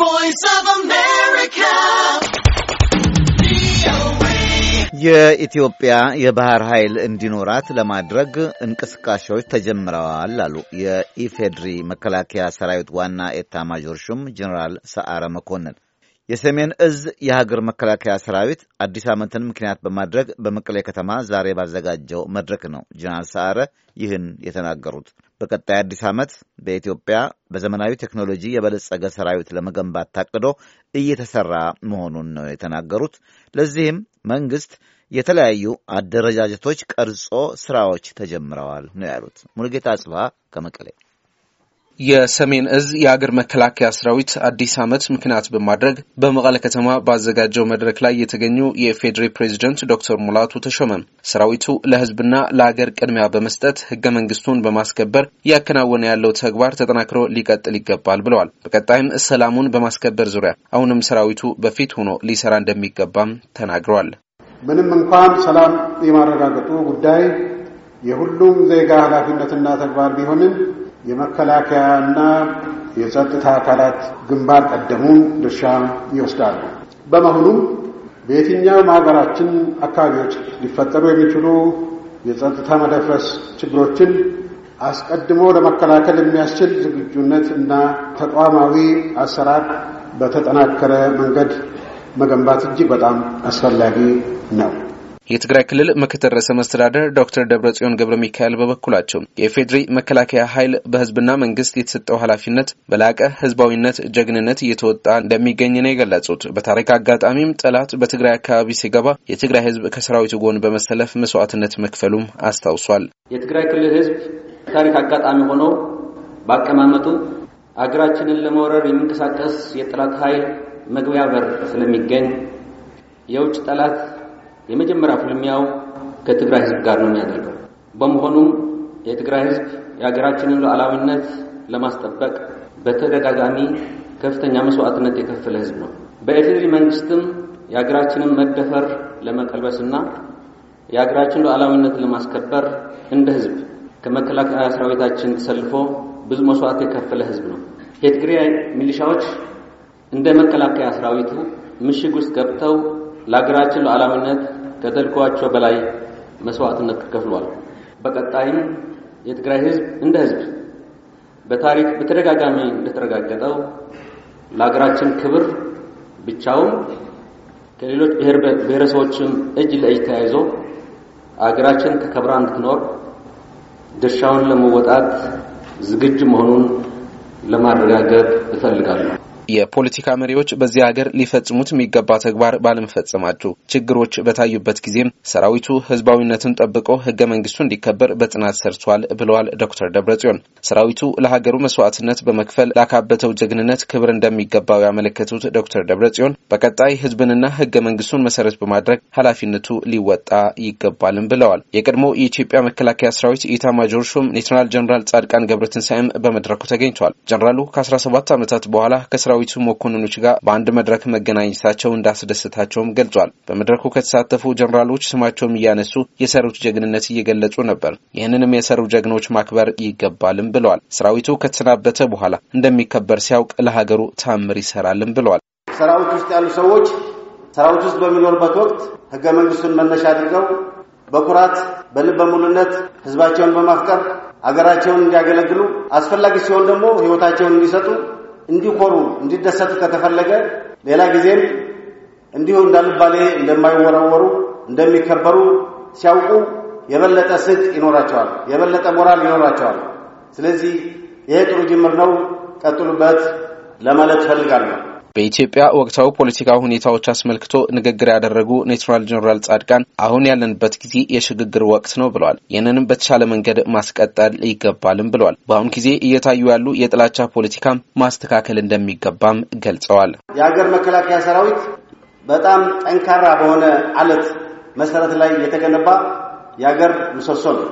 voice of America. የኢትዮጵያ የባህር ኃይል እንዲኖራት ለማድረግ እንቅስቃሴዎች ተጀምረዋል አሉ የኢፌድሪ መከላከያ ሰራዊት ዋና ኤታ ማዦር ሹም ጀኔራል ሰዓረ መኮንን። የሰሜን እዝ የሀገር መከላከያ ሰራዊት አዲስ ዓመትን ምክንያት በማድረግ በመቀሌ ከተማ ዛሬ ባዘጋጀው መድረክ ነው ጀኔራል ሰዓረ ይህን የተናገሩት። በቀጣይ አዲስ ዓመት በኢትዮጵያ በዘመናዊ ቴክኖሎጂ የበለጸገ ሰራዊት ለመገንባት ታቅዶ እየተሰራ መሆኑን ነው የተናገሩት። ለዚህም መንግስት የተለያዩ አደረጃጀቶች ቀርጾ ስራዎች ተጀምረዋል ነው ያሉት። ሙሉጌታ ጽባ ከመቀሌ የሰሜን እዝ የአገር መከላከያ ሰራዊት አዲስ ዓመት ምክንያት በማድረግ በመቀለ ከተማ ባዘጋጀው መድረክ ላይ የተገኙ የኢፌዴሪ ፕሬዚደንት ዶክተር ሙላቱ ተሾመ ሰራዊቱ ለሕዝብና ለአገር ቅድሚያ በመስጠት ህገ መንግስቱን በማስከበር እያከናወነ ያለው ተግባር ተጠናክሮ ሊቀጥል ይገባል ብለዋል። በቀጣይም ሰላሙን በማስከበር ዙሪያ አሁንም ሰራዊቱ በፊት ሆኖ ሊሰራ እንደሚገባም ተናግረዋል። ምንም እንኳን ሰላም የማረጋገጡ ጉዳይ የሁሉም ዜጋ ኃላፊነትና ተግባር ቢሆንም የመከላከያና የጸጥታ አካላት ግንባር ቀደሙን ድርሻ ይወስዳሉ። በመሆኑም በየትኛውም ሀገራችን አካባቢዎች ሊፈጠሩ የሚችሉ የጸጥታ መደፍረስ ችግሮችን አስቀድሞ ለመከላከል የሚያስችል ዝግጁነት እና ተቋማዊ አሰራር በተጠናከረ መንገድ መገንባት እጅግ በጣም አስፈላጊ ነው። የትግራይ ክልል ምክትል ርዕሰ መስተዳደር ዶክተር ደብረጽዮን ገብረ ሚካኤል በበኩላቸው የኢፌዴሪ መከላከያ ኃይል በህዝብና መንግስት የተሰጠው ኃላፊነት በላቀ ህዝባዊነት፣ ጀግንነት እየተወጣ እንደሚገኝ ነው የገለጹት። በታሪክ አጋጣሚም ጠላት በትግራይ አካባቢ ሲገባ የትግራይ ህዝብ ከሰራዊቱ ጎን በመሰለፍ መስዋዕትነት መክፈሉም አስታውሷል። የትግራይ ክልል ህዝብ ታሪክ አጋጣሚ ሆኖ በአቀማመጡ አገራችንን ለመውረር የሚንቀሳቀስ የጠላት ኃይል መግቢያ በር ስለሚገኝ የውጭ ጠላት የመጀመሪያ ፍልሚያው ከትግራይ ህዝብ ጋር ነው የሚያደርገው። በመሆኑም የትግራይ ህዝብ የሀገራችንን ሉዓላዊነት ለማስጠበቅ በተደጋጋሚ ከፍተኛ መስዋዕትነት የከፈለ ህዝብ ነው። በኢፌዴሪ መንግስትም የሀገራችንን መደፈር ለመቀልበስና የሀገራችን ሉዓላዊነት ለማስከበር እንደ ህዝብ ከመከላከያ ሰራዊታችን ተሰልፎ ብዙ መስዋዕት የከፈለ ህዝብ ነው። የትግራይ ሚሊሻዎች እንደ መከላከያ ሰራዊቱ ምሽግ ውስጥ ገብተው ለሀገራችን ለዓላምነት ከተልኳቸው በላይ መስዋዕትነት ተከፍሏል። በቀጣይም የትግራይ ህዝብ እንደ ህዝብ በታሪክ በተደጋጋሚ እንደተረጋገጠው ለሀገራችን ክብር ብቻውም ከሌሎች ብሔረሰቦችም እጅ ለእጅ ተያይዞ አገራችን ተከብራ እንድትኖር ድርሻውን ለመወጣት ዝግጁ መሆኑን ለማረጋገጥ እፈልጋለሁ። የፖለቲካ መሪዎች በዚህ ሀገር ሊፈጽሙት የሚገባ ተግባር ባለመፈጸማቸው ችግሮች በታዩበት ጊዜም ሰራዊቱ ህዝባዊነትን ጠብቆ ህገ መንግስቱ እንዲከበር በጽናት ሰርቷል ብለዋል ዶክተር ደብረጽዮን። ሰራዊቱ ለሀገሩ መስዋዕትነት በመክፈል ላካበተው ጀግንነት ክብር እንደሚገባው ያመለከቱት ዶክተር ደብረጽዮን በቀጣይ ህዝብንና ህገ መንግስቱን መሰረት በማድረግ ኃላፊነቱ ሊወጣ ይገባልም ብለዋል። የቀድሞ የኢትዮጵያ መከላከያ ሰራዊት ኢታማጆር ሹም ሌተናል ጀኔራል ጻድቃን ገብረትንሳኤም በመድረኩ ተገኝቷል። ጀኔራሉ ከ17 ዓመታት በኋላ ከስራ ከሰራዊቱ መኮንኖች ጋር በአንድ መድረክ መገናኘታቸው እንዳስደሰታቸውም ገልጿል። በመድረኩ ከተሳተፉ ጀኔራሎች ስማቸውም እያነሱ የሰሩት ጀግንነት እየገለጹ ነበር። ይህንንም የሰሩ ጀግኖች ማክበር ይገባልም ብለዋል። ሰራዊቱ ከተሰናበተ በኋላ እንደሚከበር ሲያውቅ ለሀገሩ ታምር ይሰራልም ብለዋል። ሰራዊት ውስጥ ያሉ ሰዎች ሰራዊት ውስጥ በሚኖርበት ወቅት ህገ መንግስቱን መነሻ አድርገው በኩራት በልበ ሙሉነት ህዝባቸውን በማፍቀር አገራቸውን እንዲያገለግሉ አስፈላጊ ሲሆን ደግሞ ህይወታቸውን እንዲሰጡ እንዲኮሩ እንዲደሰቱ ከተፈለገ ሌላ ጊዜም እንዲሁ እንዳልባሌ እንደማይወረወሩ እንደሚከበሩ ሲያውቁ የበለጠ ስቅ ይኖራቸዋል፣ የበለጠ ሞራል ይኖራቸዋል። ስለዚህ ይሄ ጥሩ ጅምር ነው፣ ቀጥሉበት ለማለት ፈልጋለሁ። በኢትዮጵያ ወቅታዊ ፖለቲካ ሁኔታዎች አስመልክቶ ንግግር ያደረጉ ኔትራል ጀኔራል ጻድቃን አሁን ያለንበት ጊዜ የሽግግር ወቅት ነው ብለዋል። ይህንንም በተሻለ መንገድ ማስቀጠል ይገባልም ብለዋል። በአሁኑ ጊዜ እየታዩ ያሉ የጥላቻ ፖለቲካም ማስተካከል እንደሚገባም ገልጸዋል። የሀገር መከላከያ ሰራዊት በጣም ጠንካራ በሆነ አለት መሰረት ላይ የተገነባ የሀገር ምሰሶ ነው።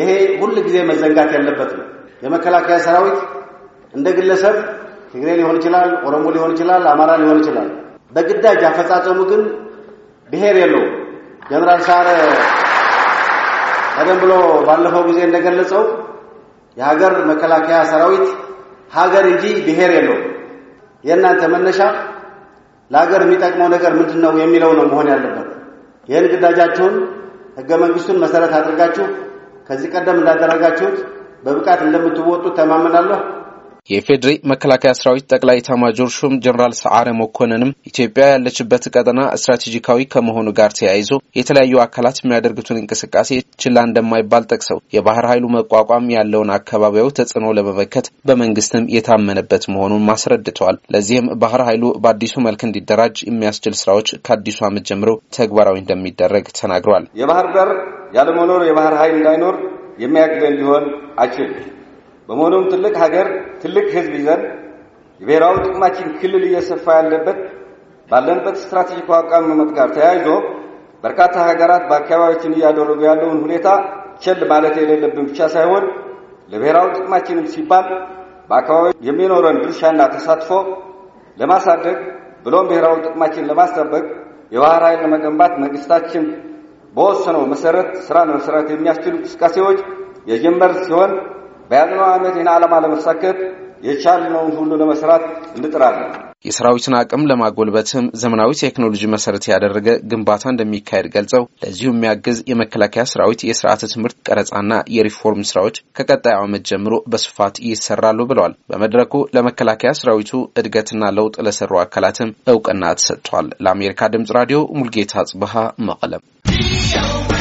ይሄ ሁል ጊዜ መዘንጋት ያለበት ነው። የመከላከያ ሰራዊት እንደ ግለሰብ ትግሬ ሊሆን ይችላል፣ ኦሮሞ ሊሆን ይችላል፣ አማራ ሊሆን ይችላል። በግዳጅ አፈጻጸሙ ግን ብሔር የለው ጀነራል ሳር ቀደም ብሎ ባለፈው ጊዜ እንደገለጸው የሀገር መከላከያ ሰራዊት ሀገር እንጂ ብሔር የለው የእናንተ መነሻ ለሀገር የሚጠቅመው ነገር ምንድን ነው የሚለው ነው መሆን ያለበት። ይህን ግዳጃችሁን ህገ መንግስቱን መሰረት አድርጋችሁ ከዚህ ቀደም እንዳደረጋችሁት በብቃት እንደምትወጡት ተማመናለሁ። የኢፌዴሪ መከላከያ ሰራዊት ጠቅላይ ኤታማዦር ሹም ጀኔራል ሰዓረ መኮንንም ኢትዮጵያ ያለችበት ቀጠና ስትራቴጂካዊ ከመሆኑ ጋር ተያይዞ የተለያዩ አካላት የሚያደርጉትን እንቅስቃሴ ችላ እንደማይባል ጠቅሰው የባህር ኃይሉ መቋቋም ያለውን አካባቢያዊ ተጽዕኖ ለመመከት በመንግስትም የታመነበት መሆኑን አስረድተዋል። ለዚህም ባህር ኃይሉ በአዲሱ መልክ እንዲደራጅ የሚያስችል ስራዎች ከአዲሱ ዓመት ጀምሮ ተግባራዊ እንደሚደረግ ተናግሯል። የባህር ዳር ያለመኖር የባህር ኃይል እንዳይኖር የሚያግደን ሊሆን አይችልም። በመሆኑም ትልቅ ሀገር፣ ትልቅ ህዝብ ይዘን የብሔራዊ ጥቅማችን ክልል እየሰፋ ያለበት ባለንበት ስትራቴጂክ አቋምነት ጋር ተያይዞ በርካታ ሀገራት በአካባቢያችን እያደረጉ ያለውን ሁኔታ ቸል ማለት የሌለብን ብቻ ሳይሆን ለብሔራዊ ጥቅማችንም ሲባል በአካባቢ የሚኖረን ድርሻና ተሳትፎ ለማሳደግ ብሎም ብሔራዊ ጥቅማችን ለማስጠበቅ የባህር ኃይል ለመገንባት መንግስታችን በወሰነው መሰረት ስራ ለመስራት የሚያስችሉ እንቅስቃሴዎች የጀመር ሲሆን በያዝነው ዓመት ይህን ዓላማ ለመሳከፍ የቻልነውን ሁሉ ለመስራት እንጥራለን። የሰራዊትን አቅም ለማጎልበትም ዘመናዊ ቴክኖሎጂ መሰረት ያደረገ ግንባታ እንደሚካሄድ ገልጸው ለዚሁ የሚያግዝ የመከላከያ ሰራዊት የስርዓተ ትምህርት ቀረጻና የሪፎርም ስራዎች ከቀጣዩ ዓመት ጀምሮ በስፋት ይሰራሉ ብለዋል። በመድረኩ ለመከላከያ ሰራዊቱ እድገትና ለውጥ ለሰሩ አካላትም እውቅና ተሰጥቷል። ለአሜሪካ ድምጽ ራዲዮ ሙልጌታ ጽብሃ መቀለም